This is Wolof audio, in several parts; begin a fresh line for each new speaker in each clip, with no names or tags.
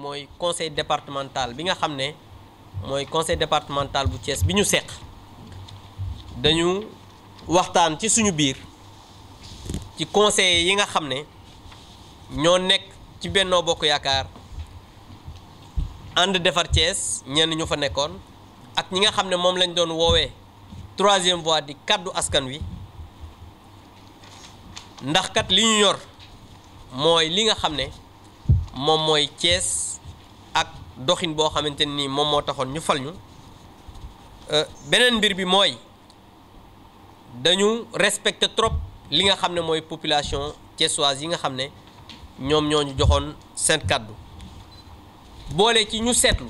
mooy conseil départemental bi nga xam ne mooy conseil départemental bu Thiès bi ñu seq dañu waxtaan ci suñu biir ci conseillers yi nga xam ne ñoo nekk ci Benno Bokk Yaakaar ànd defar Thiès ñenn ñu fa nekkoon ak ñi nga xam ne moom lañ doon woowee troisième voie di kàddu askan wi ndax kat li ñu yor mooy li nga xam ne moom mooy Thiès doxin boo xamante ni moom moo taxoon ñu fal ñu euh, beneen mbir bi mooy dañu respecté trop li nga xam ne mooy population thiessoise yi nga xam ne ñoom ñoo ñu joxoon seen kàddu boole ci ñu seetlu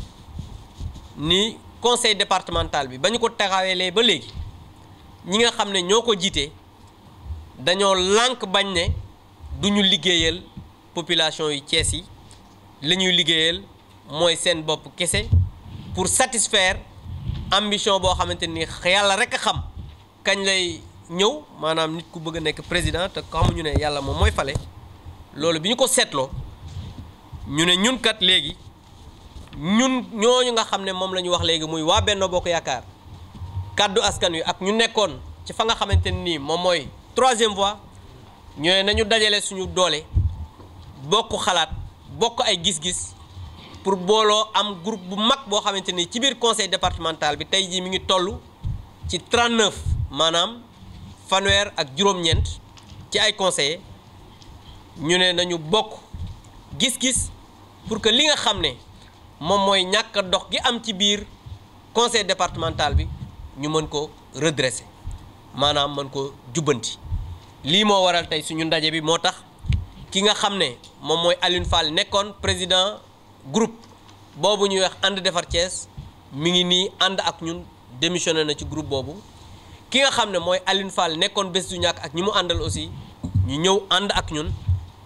ni conseil départemental bi ba ñu ko taxaweelee ba léegi ñi nga xam ne ñoo ko jiite dañoo lànk bañ ne du ñu liggéeyal population yu cees yi la ñuy liggéeyal. mooy seen bopp kese pour satisfaire ambition boo xamante ni yàlla rek xam kañ lay ñëw maanaam nit ku bëgg a nekk président te xamuñu ne yàlla moom mooy fale loolu bi ñu ko seetloo ñu ne ñun kat léegi ñun ñooñu nga xam ne moom la ñu wax léegi muy waa benn Bokk Yaakaar kàddu askan wi ak ñu nekkoon ci fa nga xamante nii moom mooy troisième voie ñooy nañu dajale suñu doole bokk xalaat bokk ay gis-gis pour booloo am groupe bu mag boo xamante ni ci biir conseil départemental bi tey jii mu ngi tollu ci 39 maanaam fanweer ak juróom-ñeent ci ay conseillers ñu ne nañu bokk gis-gis pour que li nga xam ne moom mooy ñàkk dox gi am ci biir conseil départemental bi ñu mën ko redresser maanaam mën ko jubbanti lii moo waral tey suñu ndaje bi moo tax ki nga xam ne moom mooy Alioune Fall nekkoon président. groupe boobu ñuy wax ànd defar cees mu ngi nii ànd ak ñun démissionné na ci groupe boobu ki nga xam ne mooy Aline Fall nekkoon bés du ñàkk ak ñi mu àndal aussi ñu ñëw ànd ak ñun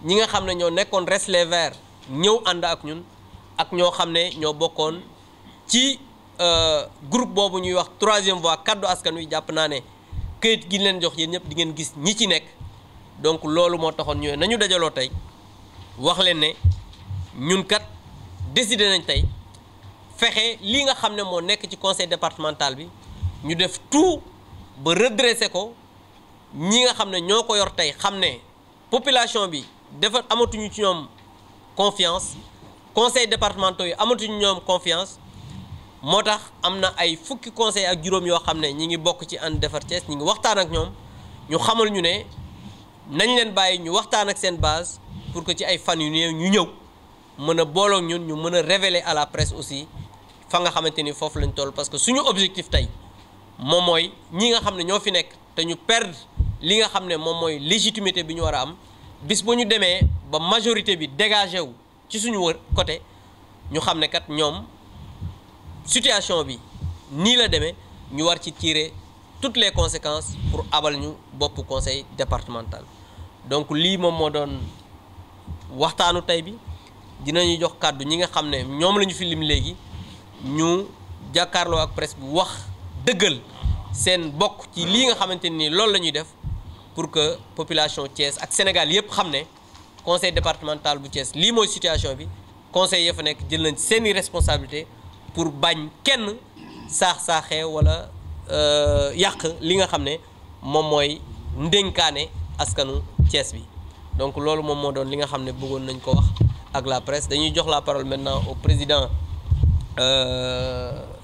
ñi nga xam ne ñoo nekkoon res les Verts ñëw ànd ak ñun ak ñoo xam ne ñoo bokkoon ci euh, groupe boobu ñuy wax troisième voie kaddu askan wi jàpp naa ne këyit gi leen jox yéen ñëpp di ngeen gis ñi ci nekk donc loolu moo taxoon ñëwee nañu dajaloo tey wax leen ne ñun kat. décidé nañ tey fexe lii nga xam ne moo nekk ci conseil départemental bi ñu def tout ba redressé ko ñi nga xam ne ñoo ko yor tey xam ne population bi dafa amatuñu ci ñoom confiance conseil départemental yi amatuñu ñoom confiance moo tax am na ay fukki conseil ak juróom yoo xam ne ñi ngi bokk ci ànd defar Thiès ñi ngi waxtaan ak ñoom ñu xamal ñu ne nañ leen bàyyi ñu waxtaan ak seen base pour que ci ay fan yu ne ñu ñëw mën a booloog ñun ñu mën a révéler à la presse aussi fa nga xamante ni foofu lañ toll parce que suñu objectif tey moom mooy ñi nga xam ne ñoo fi nekk te ñu perdre li nga xam ne moom mooy légitimité bi ñu war a am bis bu ñu demee ba majorité bi dégagé wu ci suñu wër côté ñu xam ne kat ñoom situation bi nii la demee ñu war ci tiire toutes les conséquences pour abal ñu bopp conseil départemental donc lii moom moo doon waxtaanu tey bi dinañu jox kàddu ñi nga xam ne ñoom la ñu fi lim léegi ñu jàkkaarloo ak presque bu wax dëggal seen bokk ci lii nga xamante ni loolu la ñuy def pour que population cees ak Sénégal yëpp xam ne conseil départemental bu cees lii mooy situation bi conseil ya fa nekk jël nañ seeni responsabilité pour bañ kenn saax saaxe wala euh, yàq li nga xam ne moom mooy ndénkaane askanu cees bi donc loolu moom moo doon li nga xam ne bëggoon nañ ko wax ak la presse dañuy jox la parole maintenant au président. Euh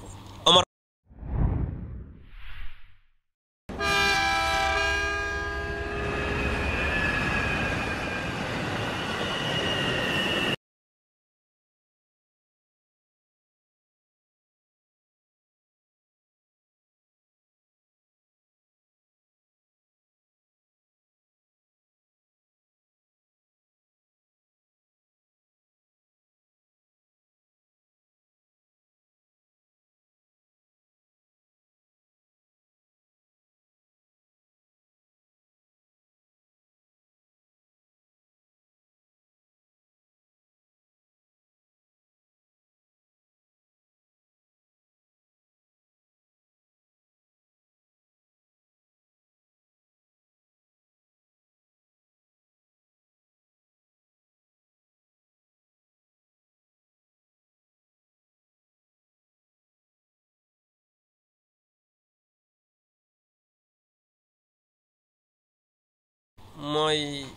mooy